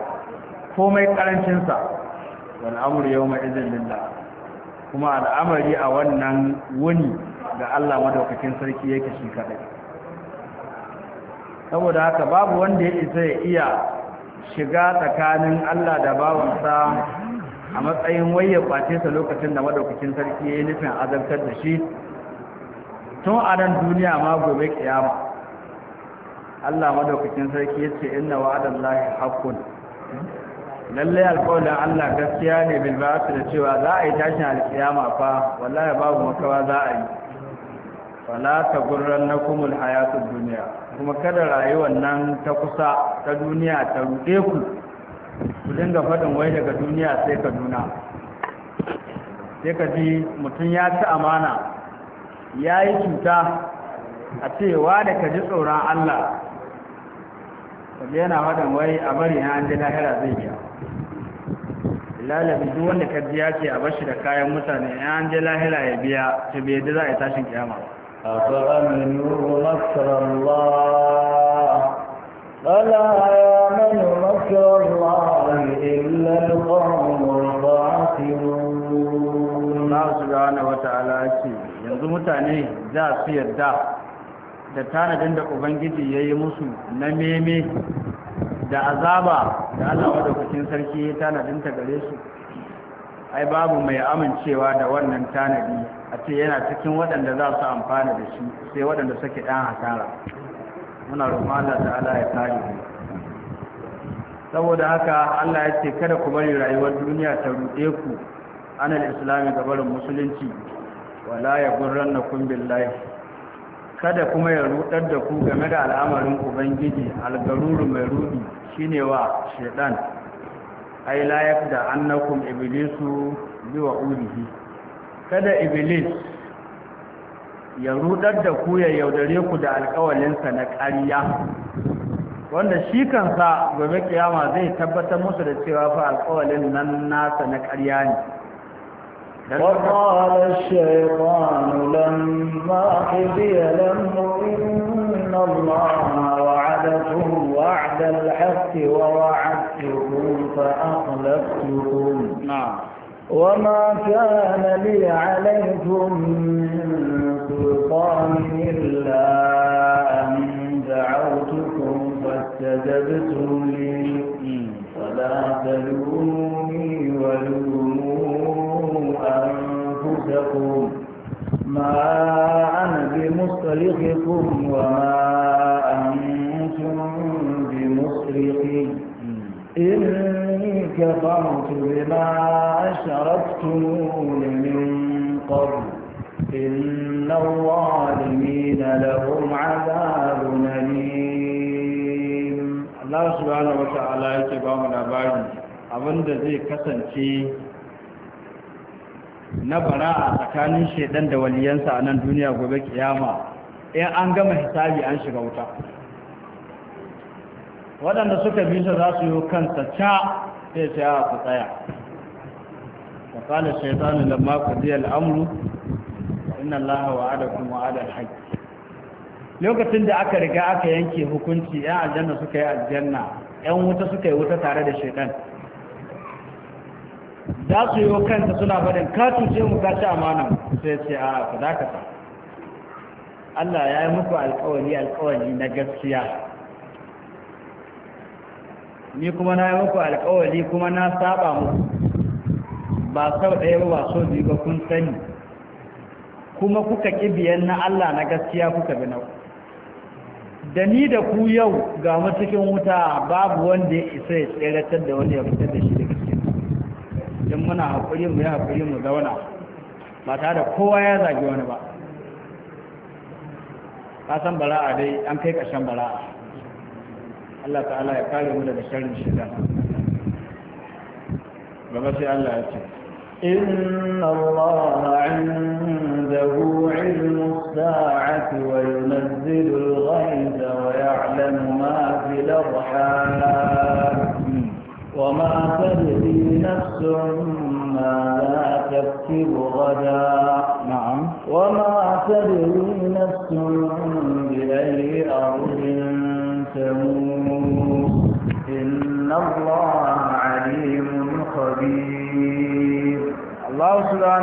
komai karancin sa wal amru yawma idzin lillah kuma al'amari a wannan wuni ga Allah madaukakin sarki yake shi kadai saboda haka babu wanda ya isa ya iya shiga tsakanin Allah da bawansa a matsayin waye kwace sa lokacin da madaukakin sarki ya yi nufin azabtar da shi tun a nan duniya ma gobe kiyama Allah madaukakin sarki ya ce inna wa'adan lahi haqqun lallai alƙawarin Allah gaskiya ne bil ba'ath da cewa za a yi tashin alkiyama fa wallahi babu makawa za a yi Wala tagurrannakum alhayatud dunya kuma kada rayuwar nan ta kusa ta duniya ta rude ku ku dinga faɗin wai daga duniya sai kaduna sai ka ji mutum ya ci amana ya yi cuta a cewa da ka ji tsoron allah kaji yana faɗin wai a bari na an ji lahira zai biya lalabi duk wanda ka ji ya ce a bashi da kayan mutane ya an ji lahira ya biya ta bai yadda za a yi tashin kiyama أفأمنوا مكر الله ألا مكر الله إلا القوم الله سبحانه وتعالى yanzu mutane za su yarda da tanadin da ubangiji ya yi musu na meme da azaba da allah madaukakin sarki ya tanadinta gare su ai babu mai amincewa da wannan tanadi a ce yana cikin waɗanda za su amfana da shi sai waɗanda suke ɗan hasara muna roƙon Allah ta'ala ya kare mu saboda haka Allah ya ce kada ku bari rayuwar duniya ta ruɗe ku an al-islam ga barin musulunci wala kumbin billahi kada kuma ya rudar da ku game da al'amarin ubangiji algaruru mai rudi shine wa shaytan ay la da annakum iblisu biwa wa'udihi kada iblis ya rudar da ku ya yaudare ku da alkawalinsa na ƙarya wanda shi kansa gobe kiyama zai tabbatar musu da cewa fa alƙawalin nan nasa na ƙarya ne وقال الشيطان لما قضي الامر ان الله وعدكم وعد الحق ووعدتكم فاخلفتكم وما كان لي عليكم من سلطان إلا أن دعوتكم فاستجبتم لي فلا تلوموني ولوموا أنفسكم ما أنا بمصرخكم وما أنتم بمصرخي إن كفرت بما أشركتمون من قبل إن الظالمين لهم عذاب نليم الله سبحانه وتعالى يتبعهم الأبعاد abinda zai kasance na bara a tsakanin shaidan da waliyansa a nan duniya gobe kiyama in an gama hisabi an shiga wuta waɗanda suka bisa za su yi kansa ca sai sai a ah, ku tsaya da kala shaitanin lamma ku biya al'amuru inna Allah wa'adakum wa'adal haqq lokacin da aka riga aka yanke hukunci ya aljanna suka yi aljanna yan wuta suka yi wuta tare da shaitan za su yi kanta suna faɗin ka cuce mu ka ci amana sai ce a ah, ku dakata Allah ya yi muku alƙawari alƙawari na gaskiya ni kuma na yi muku alkawali kuma na saba muku ba sau ɗaya ba ba biyu ba kun sani kuma kuka ƙi biyan na Allah na gaskiya kuka bi nau da ni da ku yau ga mu cikin wuta babu wanda ya isa ya tseratar da wani ya fitar da shi daga cikin don muna haƙuri mu ya haƙuri mu zauna ba tare da kowa ya zagi wani ba ka san bara'a dai an kai ƙarshen bara'a Allah ta'ala ya kare mu daga sharrin shaitan gaba sai Allah ya ce إن الله عنده علم الساعة وينزل الغيث ويعلم ما في الأرحام وما تدري نفس ما لا تكتب غدا نعم وما تدري نفس بأي أرض تموت إن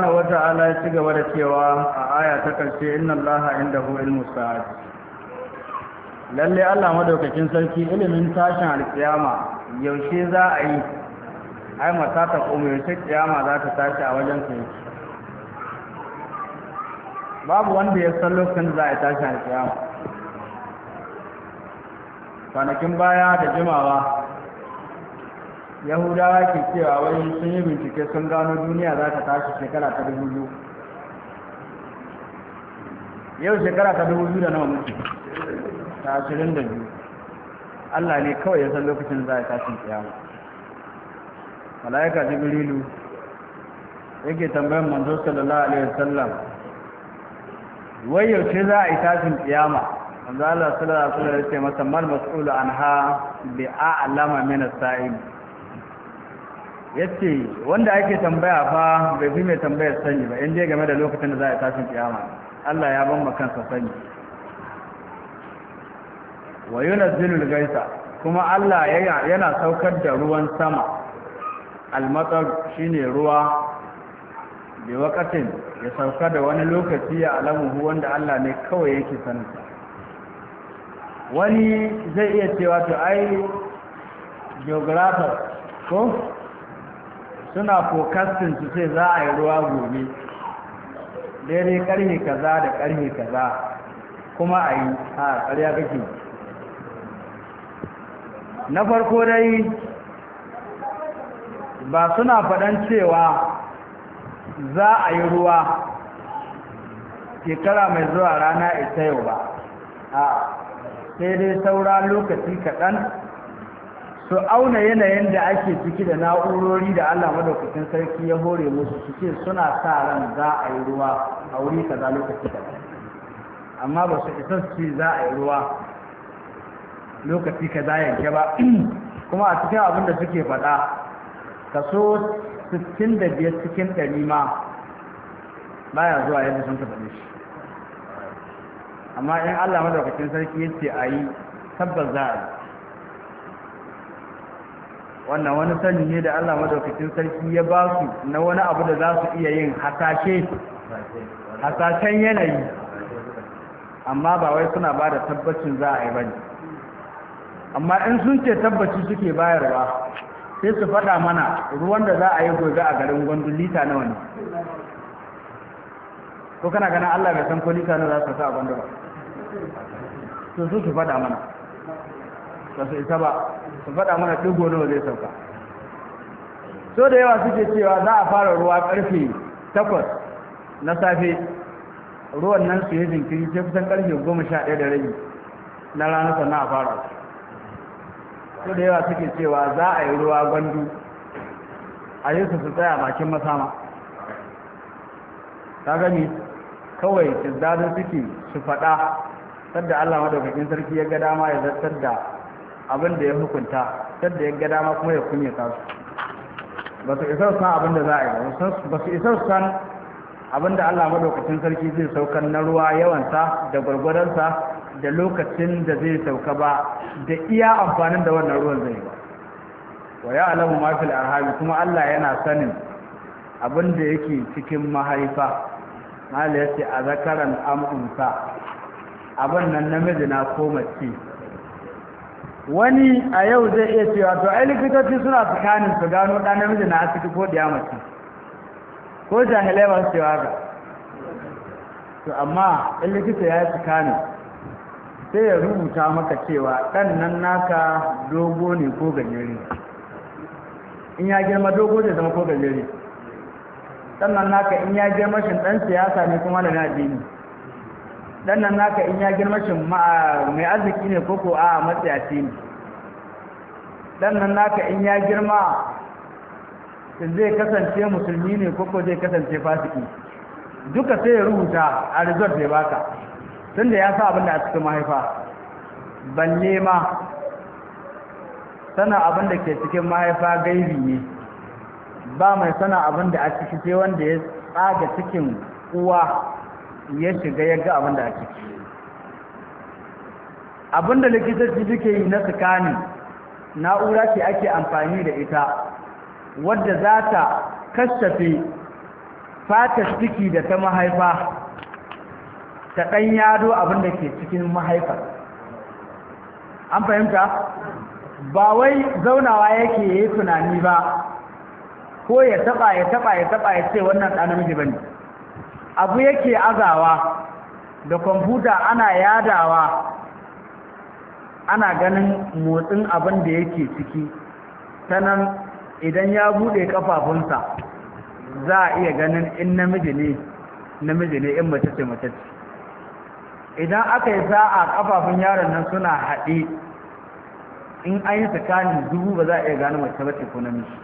Wata'ala Ya ci gaba da cewa يتقوى لتيوى آية تكالسي إن الله عنده علم الساعة lalle Allah madaukakin sarki ilimin tashin alkiyama yaushe za a yi ai mata ta kuma za ta tashi a wajen sa babu wanda ya san lokacin da za a yi tashi alkiyama kwanakin baya da jimawa yahudawa ke cewa wai sun yi bincike sun gano duniya za ta tashi shekara ta dubu biyu yau shekara ta dubu biyu da nawa mutu ta ashirin da biyu allah ne kawai ya san lokacin za a tashin kiyama malaika jibrilu yake tambayar manzo sallallahu alaihi wasallam wai yaushe za a yi tashin kiyama manzo Allah sallallahu ya ce, yace masa mal an anha bi a'lama mena sa'in ya ce wanda ake tambaya fa bai fi mai tambaya sanyi ba in dai game da lokacin da za a tashin kiyama Allah ya ban kansa sanyi wa yunazzilul gaisa kuma Allah yana saukar da ruwan sama al shi ne ruwa bi wakatin ya sauka da wani lokaci ya alamu wanda Allah ne kawai yake sanin wani zai iya cewa to ai geographer ko suna forecasting su ce za a yi ruwa gobe daidai karhe kaza da karhe kaza kuma a yi a karya kake na farko dai ba suna faɗan cewa za a yi ruwa shekara mai zuwa rana ita yau ba a sai dai saura lokaci kaɗan su auna yanayin da ake ciki da na'urori da Allah madaukakin sarki ya hore musu su ce suna sa ran za a yi ruwa a wuri kaza lokaci kaɗan amma ba su isa su ce za a yi ruwa lokaci kaza yanke ba [clears throat] kuma a cikin abin da suke faɗa kaso 65 cikin ɗari ma baya zuwa yadda sun taɓa shi amma in Allah madaukakin sarki ya ce a yi tabbas za a wannan wani sani ne da Allah madaukakin sarki ya ba su na wani abu da za su iya yin hasashe hasashen yanayi amma ba wai suna ba da tabbacin za a yi ba ne amma in sun ce tabbaci suke bayarwa sai su faɗa mana ruwan da za a yi gobe a garin gwandun lita nawa ne ko kana ganin Allah bai san ko lita nawa za su sa a gwandun ba Sun su su faɗa mana ba su isa ba su faɗa mana ɗigo nawa zai sauka so da yawa suke cewa za a fara ruwa ƙarfe takwas na safe ruwan nan su yi jinkiri sai kusan ƙarfe goma sha ɗaya da rabi na ranar sannan a fara so da yawa suke cewa za a yi ruwa gwandu a yi su su tsaya bakin masama ta gani kawai cizdadin suke su faɗa sadda Allah madaukakin sarki ya ga dama ya zartar da abin da ya hukunta sadda ya ga dama kuma ya kunye ta su ba su isa san abin da za a yi ba su isa san abin da Allah madaukakin sarki zai saukar na ruwa yawansa da gwargwadonsa da lokacin da zai sauka ba da iya amfanin da wannan ruwan zai ba wa ya alamu mafil arhami kuma Allah yana sanin abin da yake cikin mahaifa mahaifiyar ce a zakaran am'unsa abin nan namiji na koma mace wani a yau zai iya cewa to ai likitoci suna tsakanin su gano ɗan namiji na asibiti ko ɗiya mace ko jahilai ba su cewa ga to amma ɗan likita ya yi tsakanin sai ya rubuta maka cewa ɗan nan naka dogo ne ko gajere in ya girma dogo zai zama ko gajere ɗan nan naka in ya girma shi ɗan siyasa ne kuma da na addini dan nan naka in ya girma shi mai arziki ne koko a matsayaci ne dan nan naka in ya girma zai kasance musulmi ne koko zai kasance fasiki duka sai ya rubuta a resort zai baka tunda ya sa abin da a cikin mahaifa balle ma sana abin da ke cikin mahaifa gaibi ne ba mai sana abin da a ciki sai wanda ya tsaga cikin uwa ya shiga ya ga abin da ake abin da likitoci suke yi na tsakani na'ura ce ake amfani da ita wadda za ta kashafe fatar ciki da ta mahaifa ta ɗan yado abin da ke cikin mahaifar an fahimta ba wai zaunawa yake yi tunani ba ko ya taɓa ya taɓa ya taɓa ya ce wannan ɗanar namiji abu yake azawa da kwamfuta ana yadawa ana ganin motsin abin da yake ciki ta nan idan ya bude kafafunsa, za a iya ganin in namiji ne namiji ne in mace ce mace ce idan aka yi sa'a kafafun yaron nan suna haɗe in an yi tsakanin dubu ba za a iya gane mace ba ce ko namiji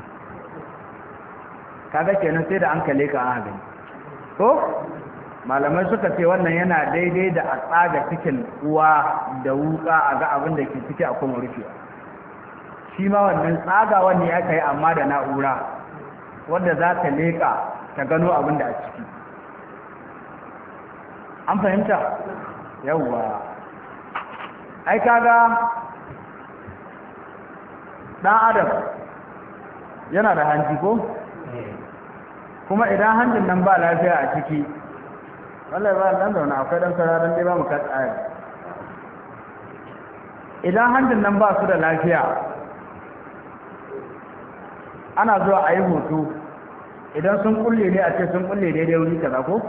kaga kenan sai da an kale ka an gani ko malamai suka ce wannan yana daidai da a tsaga cikin uwa da wuka a ga abin da ke ciki a kuma rufewa shi ma wannan tsagawan ne aka yi amma da na'ura wadda za ta leƙa ta gano abin da a ciki an fahimta yawwa ai kaga ɗan adam yana da hanji ko eh. kuma idan hanjin nan ba lafiya a ciki wallahi ba nan zauna akwai dan sararin dai ba mu ka tsaya idan hanjin nan ba su da lafiya ana zuwa a yi hoto idan sun kulle ne a ce sun kulle daidai wuri kaza ko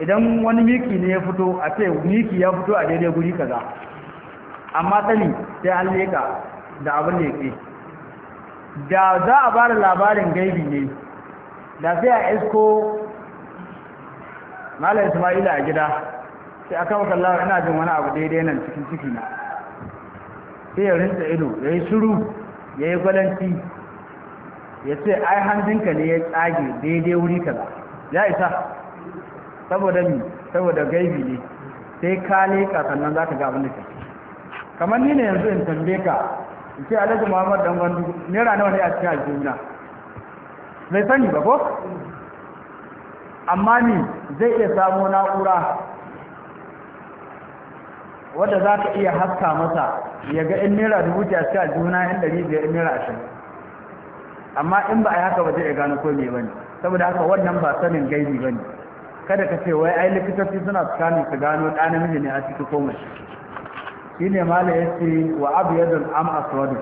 idan wani miki ne ya fito a ce miki ya fito a daidai guri kaza amma tsani sai an leka da abin da ya da za a bada labarin gaibi ne da sai a isko malam ismaila a gida sai aka maka lawa ina jin wani abu daidai nan cikin ciki na sai ya rinta ido ya yi shiru ya yi gwalanci ya ce ai hanzinka ne ya tsage daidai wuri kaza ya isa saboda mi saboda gaibi ne sai ka leka sannan za ka ga abin da ke kamar ni ne yanzu in tambaye ka in ce alhaji muhammad dan gwandu naira nawa ne a cikin aljihuna mai sani ba ko amma ni zai iya samo na'ura wadda za ka iya haska masa ya ga in naira dubu ta a juna in ɗari biyar in naira ashirin amma in ba a yi haka ba zai gano ko me bane saboda haka wannan ba sanin gaibi bane kada ka ce wai ai likitoci suna tsakanin su gano ɗa namiji ne a ciki komai. mace shine mala yace wa abyadul am aswadu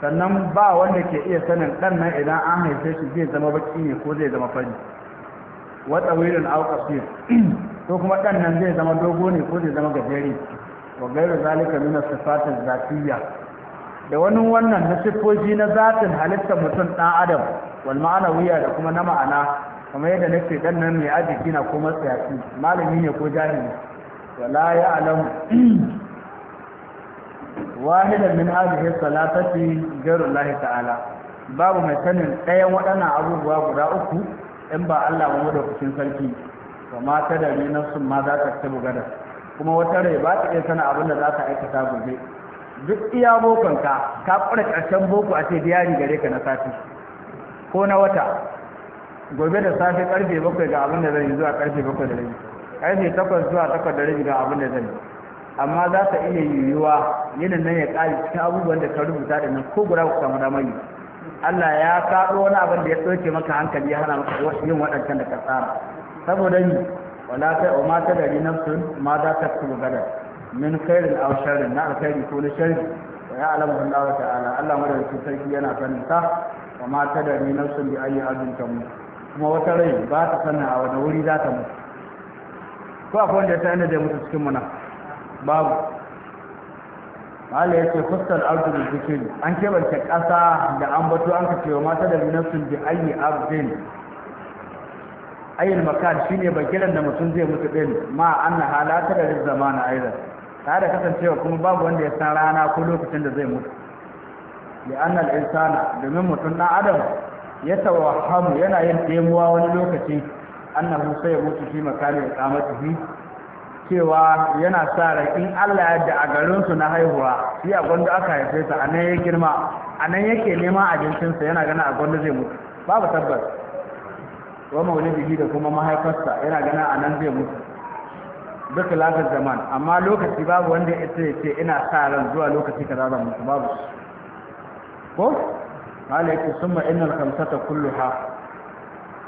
sannan ba wanda ke iya sanin ɗan nan idan an haife shi zai zama baki ne ko zai zama fari wata wilin alƙasir ko kuma ɗan nan zai zama dogo ne ko zai zama gajere wa gairu zalika nuna sifatin zafiya da wani wannan na siffofi na zatin halittar mutum ɗan adam wal wuya da kuma na ma'ana kamar yadda nake ɗan nan mai ajiki na ko matsayaci malami ne ko jahili wala ya alamu [clears throat] wahidan min hadhihi salatati ghairu Allah ta'ala babu mai sanin ɗayan waɗannan abubuwa guda uku in ba Allah ba da kucin sarki to ma ta da nafsun ma za ta tabu gada kuma wata rai ba ta iya sana abin da za ta aikata gobe duk iya bokon ka ka ƙura ƙarshen boko a ce diyari gare ka na sati ko na wata gobe da safe karfe bakwai ga abin da zai zuwa karfe bakwai da rabi karfe takwas zuwa takwas da rabi ga abin da zai amma za ta iya yiwuwa yinin nan ya ƙari cikin abubuwan da ka rubuta da nan ko guda ku samu damar Allah ya kaɗo wani abin da ya ɗauke maka hankali ya hana maka yin waɗancan da ka tsara saboda ni wala ta o mata da ni nafsun ma za ta kuma gada min khairin aw sharrin na alkhairi ko na sharri wa ya alamu Allah ta'ala Allah madaukakin sarki yana sanin sa wa mata da ni nafsun bi ayi abin ta mu kuma wata rai ba ta sanin a wani wuri za ta mu. ko akwai wanda ya sanar da mutu cikin mu nan babu Allah ya ce fuskar arzikin cikin an kebance ƙasa da an bato an kace cewa mata da sun bi ayi arzikin ayin makan shine bakilan da mutum zai mutu din ma anna halata da zamana aidan ta da kasancewa kuma babu wanda ya san rana ko lokacin da zai mutu ya anna al insana domin mutum dan adam ya tawahhamu yana yin temuwa wani lokaci annahu sai ya mutu shi makani ya cewa yana sa rai in Allah yadda a garinsu na haihuwa shi a gwanda aka haife ta a nan ya girma a nan yake neman abincinsa yana gana a gwanda zai mutu babu tabbas wa maulidi da kuma mahaifarsa yana gana a nan zai mutu duk lafiyar zaman amma lokaci babu wanda ya ce ce ina sa ran zuwa lokaci kaza zan mutu babu ko malaiku summa innal khamsata kulluha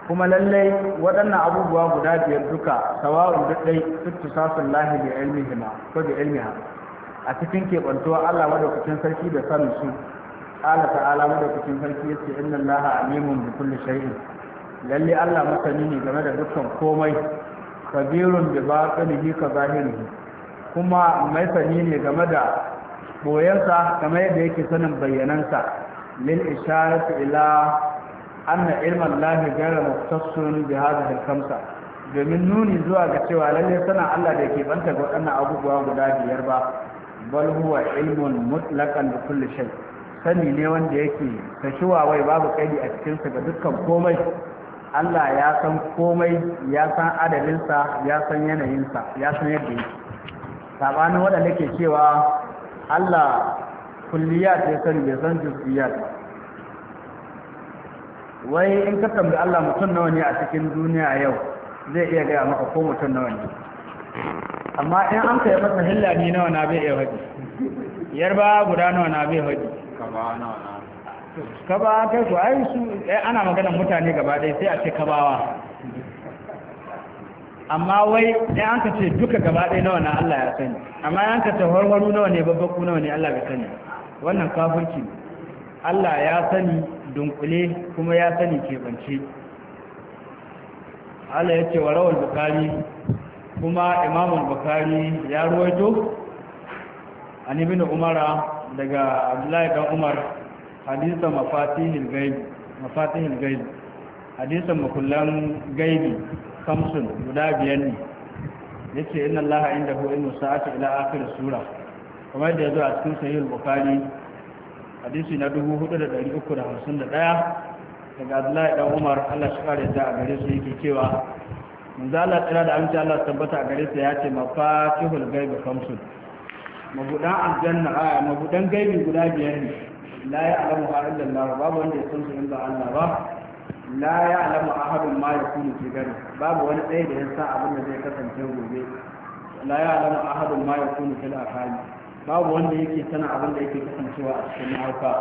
kuma lallai waɗannan abubuwa guda biyar duka sawa'un duk dai sasun lahi bi ilmihima ko bi ilmiha a cikin keɓantuwa Allah madaukakin sarki da sanin su Allah ta'ala madaukakin sarki yace inna Allaha alimun bi kulli shay'in lalle Allah masani ne game da dukkan komai kabirun bi batinihi ka zahirihi kuma mai sani ne game da boyansa kamar yadda yake sanin bayyanansa lil isharati ila anna ilman lahi gaira muktassun bi hadhihi al-khamsa domin nuni zuwa ga cewa lalle sana Allah da yake banta ga waɗannan abubuwa guda biyar ba bal huwa ilmun mutlaqan bi kulli shay sani ne wanda yake tashuwa wai babu kai a cikin sa ga dukkan komai Allah ya san komai ya san sa ya san yanayinsa ya san yadda yake sabanin waɗanda ke cewa Allah kulliyat ya bai san juz'iyat ba wai in ka tambi Allah mutum nawa ne a cikin duniya yau zai iya gaya maka ko mutum nawa ne amma in an kai masa hilla ni nawa na bai iya haji yarba guda nawa na bai haji kaba kai ko ai su ana magana mutane gaba dai sai a ce kabawa amma wai in an ka ce duka gaba dai nawa na Allah ya sani amma in an ka ce warwaru nawa ne babbaku nawa ne Allah ya sani wannan kafirci Allah ya sani dunkule kuma ya sani keɓance Allah ya ce wa rawar bukari kuma imamun bukari ya ruwaito an bin umara daga abdullahi dan umar hadisan mafatihil gaibi mafatihil makullan gaibi samsun guda biyar ne yace inna allaha indahu ilmu sa'ati ila akhir sura kamar da yazo a cikin sahih al hadisi na 4351 daga Abdullahi dan Umar Allah shi kare ta a gare su yake cewa manzo Allah tsira da amince Allah tabbata a gare su ya ce mafatihul gaibi kamsun mabudan aljanna a mabudan gaibi guda biyar ne la ya'lamu illa ba babu wanda ya san su in ba Allah ba la a ahadun ma yakunu ke gari babu wani ɗaya da ya sa abin da zai kasance gobe la a ahadun ma yakunu fil la'akari. babu wanda yake sana abin da yake kasancewa a cikin mahaifa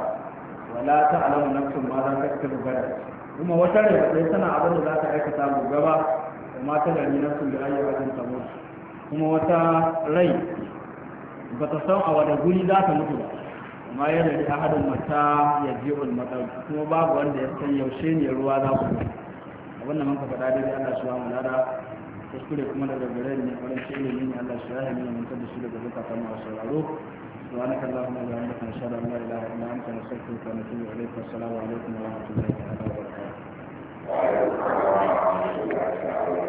wala ta alamu nafsun ma za ka kasu gada kuma wata rai sai sana abin da za ta aikata mu gaba da mata da na sun da ayyuka kan samu kuma wata rai ba ta san a wani guri za ta mutu ba amma yana da ahadin mata ya wani ulmatar kuma babu wanda ya san yaushe ne ruwa za ku abin da muka faɗa dai Allah shi wa mu lada kuskure kuma daga gare ne farin shi ilimi ne Allah shi rahimi ne da shi daga zukata masu sauraro سبحانك اللهم وبحمدك نشهد ان لا اله الا انت نستغفرك ونتوب اليك والسلام عليكم ورحمه الله
وبركاته